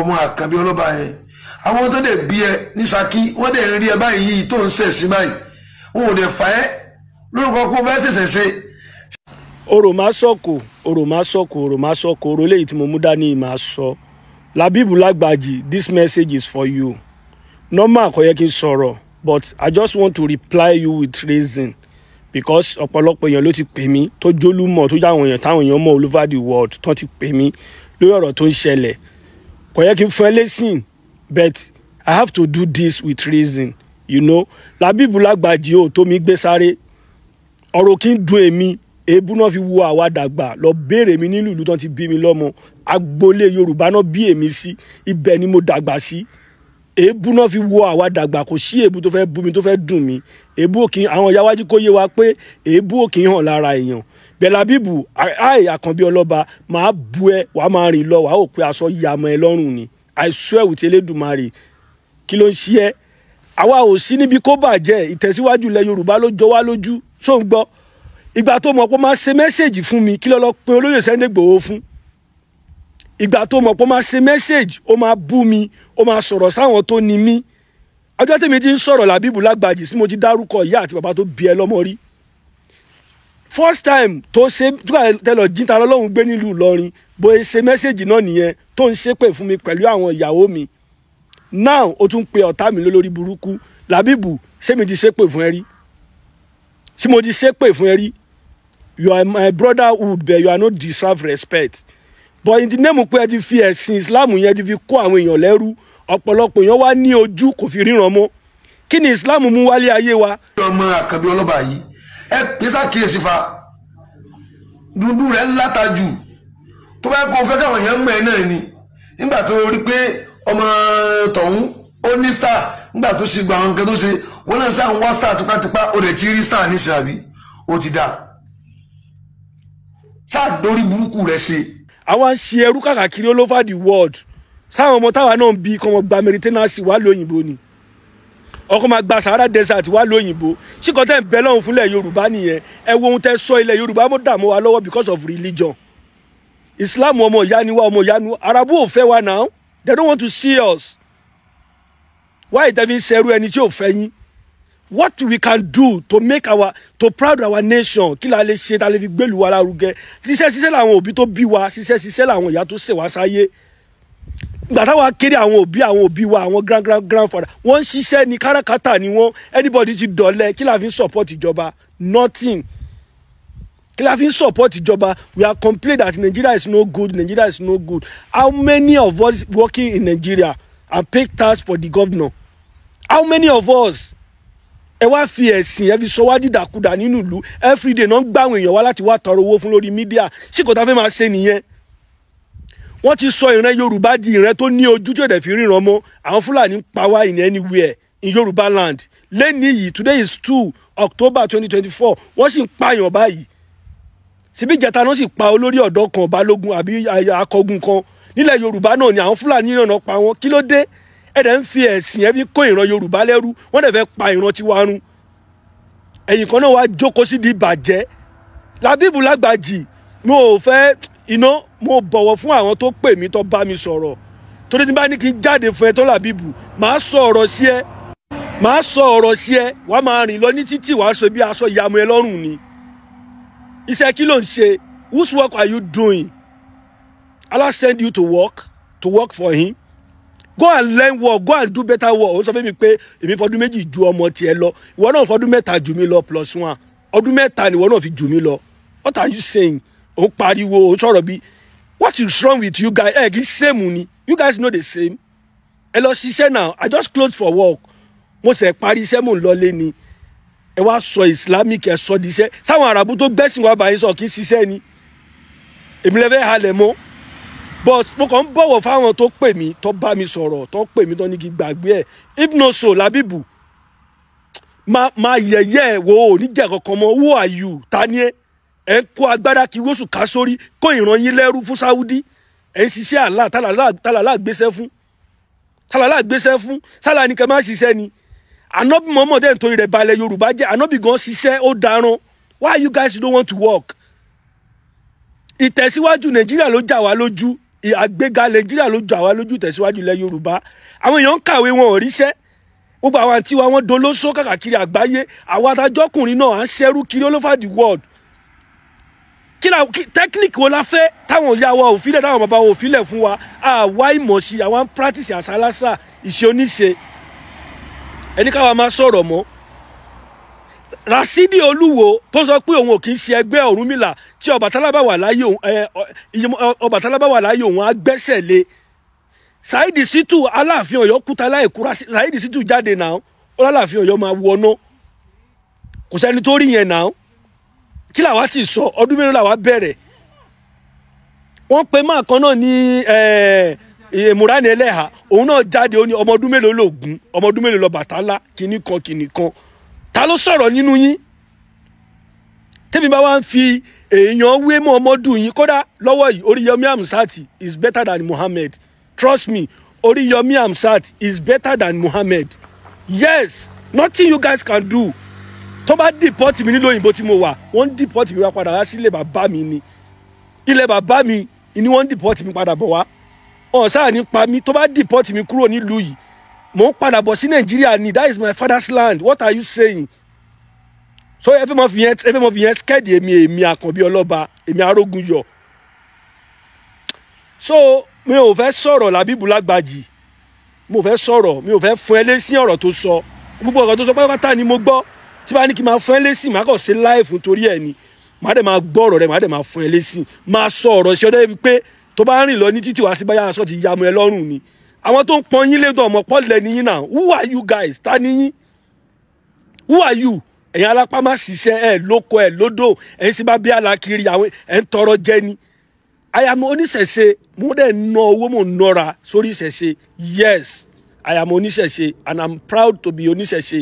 ọmọ àkànbí ọlọ́ba yẹn àwọn tó dẹ̀ bí ẹ ní Ṣakí wọ́n dẹ̀ rí ẹ báyìí yìí tó ń ṣẹ̀sìn báyìí wọn ò dẹ̀ fà ẹ́ lórúkọ kó fẹ́ ṣẹ̀ṣẹ̀ ṣe. ọ̀rọ̀ máa sọ̀kò ọ̀rọ̀ máa sọ̀kò ọ̀rọ̀ máa sọ̀kò ọ̀rọ̀ léyìí tí mo mú dání máa sọ Labeeb Lagbaji this message is for you normal kò yẹ kí n sọ̀rọ̀ but I just want to reply you with reason because ọ̀pọ̀lọpọ̀ èèyàn ló ti pè mí tó jólúmọ̀ tó jáwọn èèyàn táwọn èèyàn mọ̀ all over the world tó ti pè mí lórí ọ̀rọ̀ tó ń ṣẹlẹ̀ kò yẹ kí but i have to do this with reason you know Labeeb Lagbaji o tó mi gbé sáré ọ̀rọ̀ kí n dùn èmi èébú náà fi wo àwa dàgbà lọ béèrè mi nílùú ìlú tán ti bí mi lọ́mọ agboolé yorùbá náà bí èmi sí ibẹ̀ ni mo dàgbà sí èébú náà fi wo àwa dàgbà kò sí èébú tó fẹ́ bú mi tó fẹ́ dùn mí èébú òkì àwọn ìyáwájú kó yé wa pé èébú òkì hàn lára èèyàn bẹ̀làbíbù àì àkànbí ọlọ́ba màá bu ẹ wàá máa rìn lọ wàá ò pé aṣọ yàmọ̀ ẹ lọ́rùn ni I swear with Elédùmarè kí ló ń ṣí ẹ àwa ò sí níbi kó bàjẹ́ ìtẹ̀síwájú ilẹ̀ Yorùbá ló jọ wá lójú tó ń gbọ́ ìgbà tó mọ̀ pé máa ṣe mẹ́sẹ̀gì fún mi kí ló lọ pé olóyè Sunday Igboho fún ìgbà tó mọ̀ pé máa ṣe mẹ́sẹ̀gì ó máa bú mi ó máa sọ̀rọ̀ sáwọn tó ni mí ọjọ́ tèmi ti ń sọ̀rọ̀ làbíbù lágbàjì tí mo ti dárúkọ ìyá àti bàbá tó bí ẹ lọ́mọ rí first time tó ṣe tẹ́lọ̀ jíta lọ́lọ́run gbé nílùú Ìlọrin bó e ṣe mẹ́sẹ̀gì náà nìyẹn tó ń ṣépè fún mi pẹ̀lú àwọn ìyàwó mi now o tún pe ọ̀tá mi lólórí burúkú Làbíbù ṣé mi ti ṣépè fún ẹ rí ṣé mo ti ṣépè fún ẹ rí you are my brotherhood but you are not deserve respect but in the name pé ẹ ti fi ẹ̀sìn Islam yẹn ti fi kó àwọn èèyàn lẹ́rú ọ̀pọ̀lọpọ̀ èèyàn wá ní ojú kò fi ríran mọ́ kí ni Islam mú wálé ayé wa. ọmọ àkàbí ọlọ́ba yìí ẹ pèsè àkíyèsí fa dúdú rẹ ńláta jù tó bá kó fẹ́ káwọn èèyàn mọ̀ ẹ́ náà ni nígbà tó rí pé ọmọ tọ̀hún ní star nígbà tó sì gba àwọn tó ṣe wọn náà sáà ń wá star tipátipá ó lè ti rí star nísìnyí àbí ó ti dá sáà dórí burúkú ṣe. sáwọn ọmọ táwa náà ń bi gba ni. ọkọ máa gba sahara desert wá lóyìnbó síkọtẹ́ ń bẹ lọ́hùn fúnlẹ̀ yorùbá nìyẹn ẹ wo ohun tẹ́ sọ ilẹ̀ yorùbá mo dààmú wa lọ́wọ́ because of religion islam ọmọ ìyá ni wa ọmọ ìyá arabu ò fẹ́ wa now they don't want to see us why tẹ́fi been ṣerú ẹni tí ò fẹ́ yín what we can do to make our to proud our nation kí la lè ṣe ta lè fi gbèlú wa lárugẹ ṣiṣẹ́ ṣiṣẹ́ làwọn òbí tó bí wa ṣiṣẹ́ ṣiṣẹ́ làwọn ìyá tó ṣèwà sáyé gbàtàwà kéré àwọn òbí àwọn òbí wa àwọn grand grand grandfather wọ́n ń ṣiṣẹ́ ní káràkátà ni wọ́n anybody ti dọ̀lẹ́ kí la fi ń support ìjọba nothing kí la fi ń support ìjọba we are complain that Nigeria is no good Nigeria is no good how many of us working in Nigeria and pay tax for the governor how many of us ẹ wá fi ẹ̀sìn ẹ fi sọ wá dìdàkudà nínú ìlú everyday náà ń gbàwọn èèyàn wá láti wá tọrọ owó fún lórí mídíà sí kò tá a fẹ́ máa ṣe nìyẹn wọ́n ti sọ ìran yorùbá di ìran tó ní ojú tí ò dẹ̀ fi ríran mọ́ àwọn fúlàní ń pa wá in anywhere in yorùbá land lẹ́ni yìí today is two october twenty twenty four wọ́n sì ń pààyàn báyìí síbí ìjẹta náà sì pa olórí ọ̀dọ́ kan balógun àbí akọgun kan nílẹ̀ yorùbá náà ni àwọn fúlàní náà pa wọn kí ló dé ẹ̀dẹ̀ ń fi ẹ̀sìn ẹ̀ fi kó ìran yorùbá lẹ́rú wọ́n dẹ̀ fẹ́ pa ìran tiwa run ẹ̀yìn kan náà wá jókòó sí di ìbàjẹ́ Labeeb Lagbaji mo fẹ́ iná mo bọ̀wọ̀ fún àwọn tó pè mí tó bá mi sọ̀rọ̀ torí tí bá ní kí n jáde fún ẹ tó làbíbù màá sọ ọ̀rọ̀ sí ẹ màá sọ ọ̀rọ̀ sí ẹ wàá máa rìn lọ ní títì wàá sọ bí aṣọ ìyàmú ẹ lọ́rùn ni iṣẹ́ kí ló ń ṣe whose work are you doing Allah send you to work to work for him go and learn work go and do better work ó sọ fún mi pé èmi fọdún méjì ju ọmọ tiẹ̀ lọ ìwọ náà fọdún mẹ́ta jù mí lọ plus one ọdún mẹ́ta ni ìwọ náà fi jù mí lọ what are you saying ó pariwo ó sọ̀rọ̀ bí what is wrong with you guys ẹ kì same ni you guys know the same ẹ lọ ṣiṣẹ́ now i just close for work mo ṣe parí iṣẹ́ mò ń lọlé ni ẹ wá sọ islamic ẹ sọ di iṣẹ́ sáwọn arabu tó gbẹ́sìn wá báyìí sọ kì í ṣiṣẹ́ ni èmi lẹ́fẹ́ halẹ̀ mọ́ but mo kàn ń bọ̀wọ̀ fáwọn tó pè mí tó bá mi sọ̀rọ̀ tó pè mí tó ní kí gbàgbé ẹ̀ if no so labibu máa yẹ̀yẹ́ ẹ̀ wò ó níjẹ̀ kankan mọ́ who are you ta ni ẹ́ ẹ ń kó agbára kí wosù ká sórí kó ìran yín lẹ́rú fún Saudi ẹ ń ṣiṣẹ́ àlá tálàlá gbéṣẹ́ fún tálàlá gbéṣẹ́ fún sálà ni kẹ́ máa ṣiṣẹ́ ni ànábì mọ́mọ́ dẹ́n torí rẹ̀ balẹ̀ Yorùbá jẹ́ ànábì gan ṣiṣẹ́ ó daran why you guys don't want to work ìtẹ̀síwájú Nàìjíríà ló jà wá lójú àgbéga Nàìjíríà ló jà wá lójú ìtẹ̀síwájú ilẹ̀ Yorùbá àwọn èèyàn ń kàwé wọn ò ríṣẹ́ gbogbo àwọn àtiwá wọn dolóso káàkiri àgbáyé àwọn adájọ́kùnrin náà à ń ṣẹ́rú kiri all world Kila la technique wo la fẹ́ táwọn ìyá wa ò filẹ̀ táwọn bàbá wa ò filẹ̀ fún wa àwa ìmọ̀ sí àwa ń practice àṣálásà ìṣe oníṣe ẹni káwa máa sọ̀rọ̀ mọ́ Rasidi Olúwo tó sọ pé òun ò kì í ṣe ẹgbẹ́ Ọ̀rúnmìlà tí Ọbàtálá bá wà láyé òun Ọbàtálá bá wà láyé òun á gbẹ́sẹ̀ lé Saheed Shittu Aláàfin Ọ̀yọ́ kúta láìkúra Saheed Shittu jáde náà ó láàfin Ọ̀yọ́ máa wọná kò sẹ́ni tó rí yẹn náà kí làwa ti sọ ọdún mélòó làwa bẹ̀rẹ̀ wọ́n pe máa kan náà ní eh, eh, Mùránì Ẹlẹ́hà òun náà jáde ó ní ọmọ ọdún mélòó lògùn ọmọ ọdún mélòó lọ Bàtálá kìíní kan kìíní kan ta ló sọ̀rọ̀ nínú yín tẹ́mi bá wá ń fi èèyàn wé mọ́ ọmọdù yín kódà lọ́wọ́ yìí Oríyọmí Hamzat is better than Muhammad trust me Oríyọmí Hamzat is better than Muhammad yes nothing you guys can do tó bá deport mi nílò òyìnbó tí mo wà wọ́n deport mi wá padà wá sí ilé bàbá mi ni ilé bàbá mi ni wọ́n deport mi padà bọ̀ wá ọ̀sáà ní pa mi tó bá deport mi kúrò nílùú yìí mò ń padà bọ̀ sí nàìjíríà ni that is my father's land what are you saying so ẹ fẹ́ mọ fi yẹn ẹ fẹ́ mọ fi yẹn skẹ́ẹ̀dì èmi èmi àkànbí ọlọ́ba èmi arógun yọ so mi ò fẹ́ sọ̀rọ̀ làbíbu lágbàjì mo fẹ́ sọ̀rọ̀ mi ò fẹ́ fún ẹ lé sí ọ̀rọ̀ tó sọ gbogbo ọ̀rọ̀ tó sọ pátápátá ni mo gbọ́ tí bá ní kí n máa fún ẹ lésì má kàn ṣe láìfún torí ẹ ni má dẹ̀ máa gbọ́ ọ̀rọ̀ rẹ má dẹ̀ máa fún ẹ lésì máa sọ ọ̀rọ̀ sí ọdẹ bíi pé tó bá rìn lọ ní títì wá sí báyà aṣọ ti yamu ẹ lọ́rùn ni àwọn tó ń pọn yín lédò ọmọ pọ́ọ̀lù ẹni yín náà who are you guys ta ni yín who are you ẹ̀yin alápá má ṣiṣẹ́ ẹ̀ lóko ẹ̀ lódò ẹ̀ ń sì bá bí alákiri àwọn ẹ̀ ń tọrọ jẹ ni I am oníṣẹ̀ṣe mo dẹ̀ ná owó mo nọra sórí ìṣẹ̀ṣe yes I am oníṣẹ̀ṣe and I'm proud to be oníṣẹ̀ṣe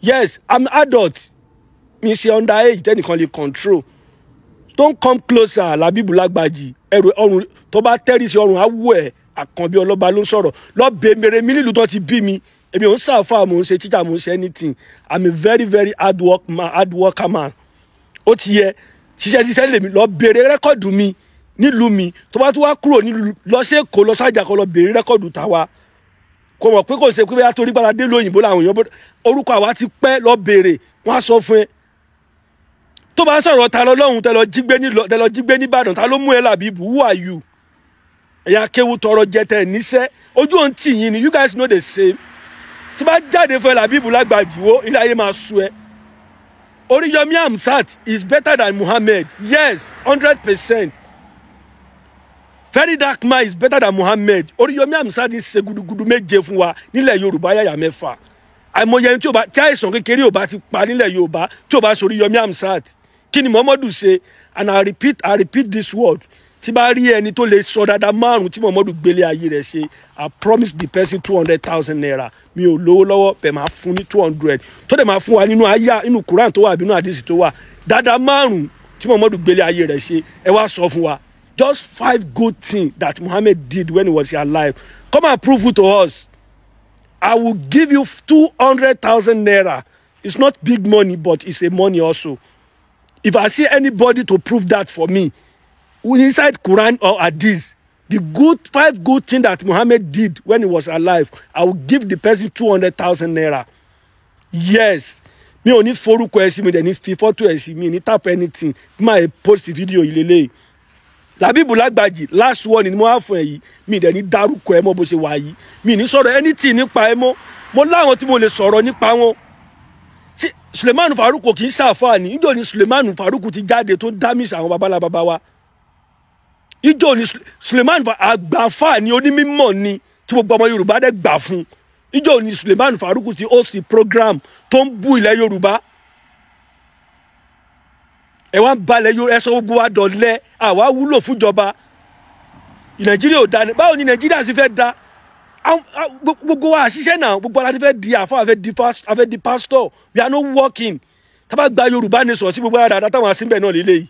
yes i'm adult mi ṣe under age tẹ́nìkan lè control don't come closer Labeeb Lagbaji ẹrù ọrùn tó bá tẹ́rì sí ọrùn awú ẹ̀ àkànbí ọlọ́ba ló ń sọ̀rọ̀ lọ́ọ́ bèmèrè mi nílùú tó ti bí mi èmi ò ń ṣàfà mò ń ṣe teacher mò ń ṣe anything i'm a very very hard work man hard worker man ó ti yẹ ṣiṣẹ́ ṣiṣẹ́ lèmi lọ́ọ́ bèrè rẹ́kọ̀dù mi nílùú mi tó bá tún wá kúrò nílùú lọ́sẹ̀kọ́ lọ́sàjà kan lọ́ọ́ bèrè rẹ́kọ̀dù tàwa kò mọ̀ pé kò ṣe pé bóyá torí gbára dé lóyìnbó làwọn èèyàn orúkọ àwa ti pẹ́ lọ béèrè wọ́n á sọ fún ẹ tó bá sọ̀rọ̀ ta lọ lọ́hùn tẹ lọ jí gbé nìbàdàn ta ló mú ẹ làbí who are you ẹ̀yà kéwu tọrọ jẹ tẹ níṣẹ́ ojú òun tì yín ni you guys know the same tí bá jáde fún ẹ làbí ìbúlágbà jùwó ilé ayé máa sú ẹ Oríyọmí Hamzat is better than Muhammad yes hundred percent very dark man is better than Muhammed Oríyọmí Hamzat ṣe gudugudu méje fún wa nílẹ̀ Yorùbá yàyà mẹ́fà àìmọye tí àìsàn kékeré ò bá ti pa nílẹ̀ Yorùbá tí ò bá sọ Oríyọmí Hamzat kí ni Muhammadu ṣe and I repeat I repeat this word tí bá rí ẹni tó lè sọ dáadáa márùn tí Muhammadu gbélé ayé rẹ̀ ṣe I promise the person two hundred thousand naira mi ò lówó lọ́wọ́ bẹ́ẹ̀ máa fún ní two hundred tó dẹ̀ máa fún wa nínú àyà nínú Quran tó wà àbínú àdìsí tó wà dáadáa márùn tí Muhammadu gbélé ayé rẹ̀ ṣe ẹ wá sọ fún wa just five good things that Muhammad did when he was alive. Come and prove it to us. I will give you 200,000 naira. It's not big money, but it's a money also. If I see anybody to prove that for me, inside Quran or Hadith, the good five good things that Muhammad did when he was alive, I will give the person 200,000 naira. Yes. me only ní forúkọ me, then if dẹ̀ ní fi me, ẹ tap anything. My post video ìlélẹ́yìí. Labeeb Lagbaji last one ni mo wá fún ẹ yìí mi dẹ̀ ní dárúkọ ẹ mọ́ bó ṣe wà yìí mi ní sọ̀rọ̀ anything nípa ẹ mọ́ mo láwọn tí mo lè sọ̀rọ̀ nípa wọn ṣe Suleiman Farouk kì í ṣàfààní ìjọ ni Suleiman Farouk ti jáde tó ń dámísì àwọn babalá baba wa ìjọ ni Suleiman àgbàfà ni onímọ̀ ni tí gbogbo ọmọ Yorùbá dẹ̀ gbà fún ìjọ ni Suleiman Farouk ti host program tó ń bú ilẹ̀ Yorùbá ẹ wá ń balẹ̀ yóò ẹsọ gbogbo wa dọ̀lẹ́ àwa wúlò fúnjọba nàìjíríà ò da ni báwo ni nàìjíríà sì fẹ́ da gbogbo wa àṣìṣe náà gbogbo ara ti fẹ́ di àfọ àfẹ́ di pásítọ̀ we are not working tábà gba yorùbá ni sọ̀rọ̀ sí gbogbo ara dáadáa táwọn asínbẹ̀ náà lélẹ́yìí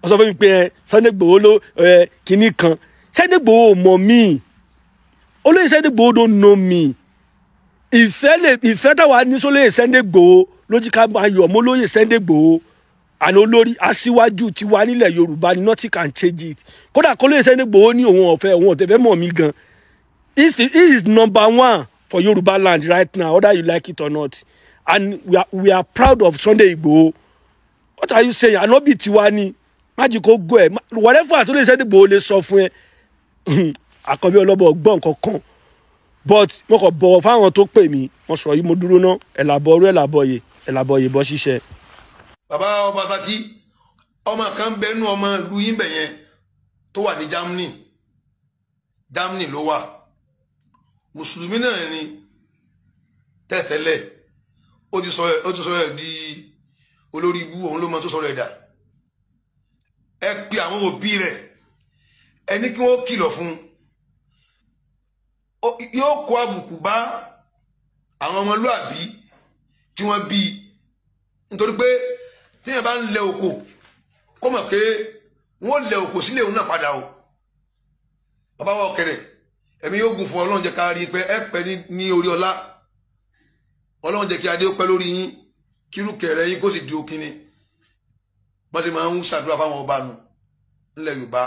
wọ́n sọ fún mi pé ẹ Sunday Igboho ló ẹ kínní kan Sunday Igboho mọ̀ mí olóyè Sunday Igboho don know me ìfẹ́ táwa ní sọ́lóyè Sunday Igboho lójúkà ayọ̀ mọ́ olóyè Sunday Igboho àná olórí aṣíwájú tiwa nílẹ̀ yorùbá ni nothing can change it kódà kó lè sẹ́ni gbòó ní òun ọ̀fẹ́ òun ọ̀tẹ̀fẹ́ mọ̀ mí gan he is number one for yorùbá land right now whether you like it or not and we are, we are proud of sunday igboho what are you saying ànábì tiwa ni májì kó gọ ẹ whatever àti olóyè sẹ́ni gbòó lè sọ fún ẹ àkànbí ọlọ́bọ̀ gbọ́n kankan but mo kàn bọ̀wọ̀ fáwọn tó pè mí mo sọ̀rọ̀ yìí mo dúró ná ẹ̀ làbọ̀ ọ̀rọ̀ ẹ̀ làbọ̀ yìí ẹ̀ làbọ̀ yìí bọ́ ṣíṣe bàbá ọba Ṣakí ọmọ kan bẹnu ọmọ ìlú yín bẹ̀ yẹn tó wà ní Germany Germany ló wà mùsùlùmí náà ni tẹ́tẹ́lẹ̀ ó ti sọ ẹ̀ di olórí ibú òun ló mọ tó sọ̀rọ̀ ẹ̀ dà ẹ pe àwọn òbí rẹ̀ ẹ ní kí wọ́n kìlọ̀ fún yóò kó àbùkù bá àwọn ọmọlúàbí tí wọ́n bí nítorí pé téèyàn bá ń lẹ oko kó mọ̀ pé wọ́n lẹ oko sílé òun náà padà o bàbá wa ọ̀kẹ́rẹ́ ẹ̀mí yóò gùn fún ọlọ́run jẹ́ ká rí i pé ẹ pẹ́ ní orí ọlá ọlọ́run jẹ́ kí adé pẹ́ lórí yín kírùkẹ̀ rẹ yín kó sì di òkínni wọ́n ti máa ń ṣàdúrà fáwọn ọba nu ńlẹ̀ yorùbá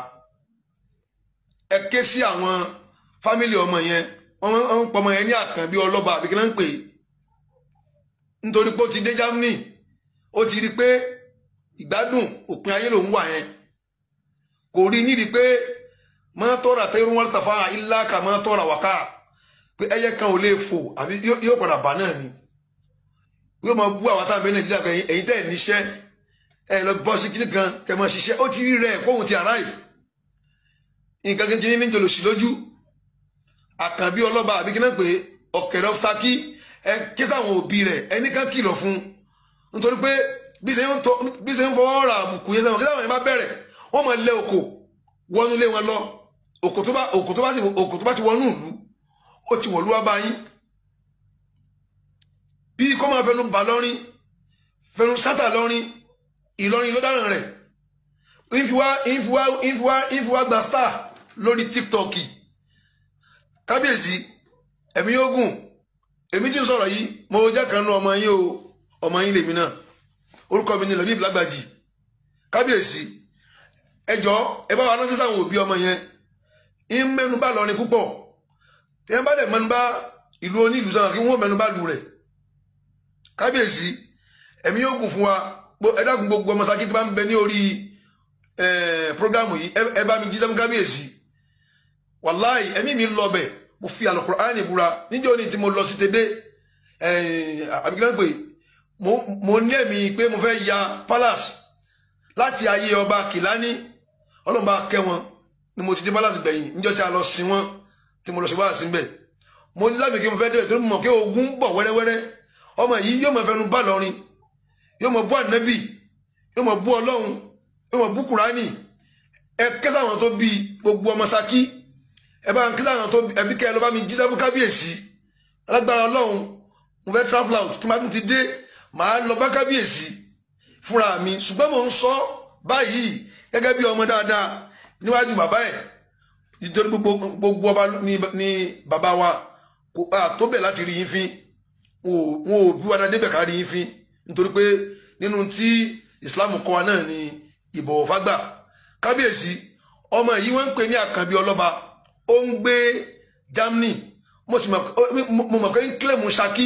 ẹ ké sí àwọn fámìlì ọmọ yẹn wọ́n ń pọmọ yẹn ní àkànbí ọlọ́ba àbíkí náà ń pè nítorí pé ó ti dé germany ó ti rí i pé ìgbádùn òpin ayé lòún wà yẹn kò rí ní rí i pé máa tẹ́rù wọn tàfà ilá kà wàká pé ẹyẹ kan ò lè fò àbí yóò padà bà náà ni yóò máa bú àwọn táwọn bẹ nàìjíríà pé ẹ̀yin tẹ́ ẹ̀ níṣẹ́ ẹ lọ bọ́ sí kíní kan kẹ́ máa ṣiṣẹ́ ó ti rí rẹ̀ kóhun ti arrive nǹkan kékeré ní tòlòsì lójú àkànbí ọlọ́ba àbí kí náà pé ọ̀kẹ́rẹ́ ọ́fítákì ẹ kí sáwọn òbí rẹ̀ ẹnìkan kìlọ̀ fún un nítorí pé bí ṣe ń fọwọ́ ra àbùkù yẹn sẹ́wọ̀n kí láwọn yẹn bá bẹ̀rẹ̀ wọ́n máa lẹ òkò wọnú ilé wọn lọ òkò tó bá ti wọnú ìlú ó ti wọ̀lú wá báyìí bí kò máa fẹnu bà lọ́rin fẹnu sátà lọ́rin ìlọrin ló dáràn rẹ̀ ìfiwá gba star lórí tiktok kábíyèsí ẹ̀mí yóò gùn èmi tí sọ̀rọ̀ yìí mo jẹ́ kan nú ọmọ yín o ọmọ yín lèmi náà orúkọ mi ni Labeeb Lagbaji kábíyèsí ẹ jọ̀ọ́ ẹ bá wa ránṣẹ́ sáwọn òbí ọmọ yẹn ń mẹ́nubà lọrin púpọ̀ tí wọ́n bá lè mẹ́nubà ìlú onílù sáwọn kí wọ́n mẹ́nubà lù rẹ̀ kábíyèsí ẹ̀mí yóò gùn fún wa ẹ gbogbo ọmọ Ṣakí bá ń bẹ ní orí programu yìí ẹ bá mi jí sẹ́mu kábíyèsí wàláì ẹ̀mí mi lọ bẹ̀ mo fi Al-Qur'ani búra ni tí mo lọ sí tẹ́dẹ́ àbíkí náà pè mo ní èmi pé mo fẹ́ ya palace láti ayé ọba kìlání ọlọ́mọba kẹ́ wọn ni mo ti dé palace gbẹ̀yìn níjọ́ tí a lọ sin wọn tí mo lọ sí wá sí bẹ́ẹ̀ mo ní lábẹ́ kí mo fẹ́ dé torí mo mọ̀ pé ogun bọ̀ wẹ́rẹ́wẹ́rẹ́ ọmọ yìí yóò mọ̀ fẹnu bá lọ́rin yóò mọ̀ bú ànábì yóò mọ̀ bú ọlọ́run yóò mọ̀ bú kùránì ẹ kẹ́sà àwọn tó bí gbogbo ọmọ Ṣakí ẹ bá ń kẹ́sà àwọn tó ẹbí kẹ́ ẹ lọ́ bá mi jí dábú kábíyèsí alágbára ọlọ́run mo fẹ́ travel out tí mo tún ti dé màá lọ bá kábíyèsí fúnra mi ṣùgbọ́n mò ń sọ báyìí gẹ́gẹ́ bí ọmọ dáadáa níwájú bàbá ẹ̀ nítorí gbogbo ọba ní bàbá wa kò tó bẹ̀ láti rí yín fín wọn ò bí wàdà débẹ̀ ká rí yín fín nítorí pé nínú tí Islam kọ́ wa náà ni ìbọ̀wọ̀ fágbà kábíyèsí ọmọ yìí wọ́n ń pè ní àkànbí ọlọ́ba ó ń gbé Germany mo mọ̀ pé ń kílẹ̀ mú Ṣakí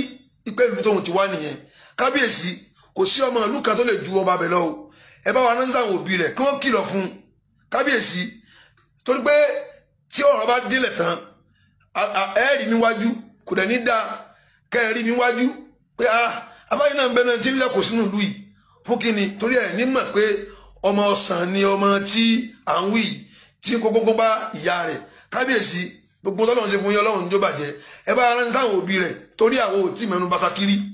ìpẹ́ ìlú tóun ti wá nìyẹn kábíyèsí kò sí ọmọ ìlú kan tó lè ju ọba bẹ̀lọ́ o ẹ bá wa ránṣẹ́ àwọn òbí rẹ̀ kí wọ́n kìlọ̀ fún un kábíyèsí torí pé tí ọ̀rọ̀ bá délẹ̀ tán ẹ rí mi wájú kò dẹ̀ ní da kẹ́ ẹ rí mi wájú pé a ah, abáyé náà ń bẹ náà tí ilẹ̀ kò sínú ìlú yìí fún kínni torí ẹ̀ ní mọ̀ pé ọmọ ọ̀sán ni ọmọ tí à ń wí tí kókókó bá ìyá rẹ̀ kábíyèsí gbogbo tọ́lọ́run ṣe fún yín ọlọ́run jó bàjẹ́ ẹ bá ránṣẹ́ àwọn òbí rẹ̀ torí àwọn òtí mẹ́nu bá sakiri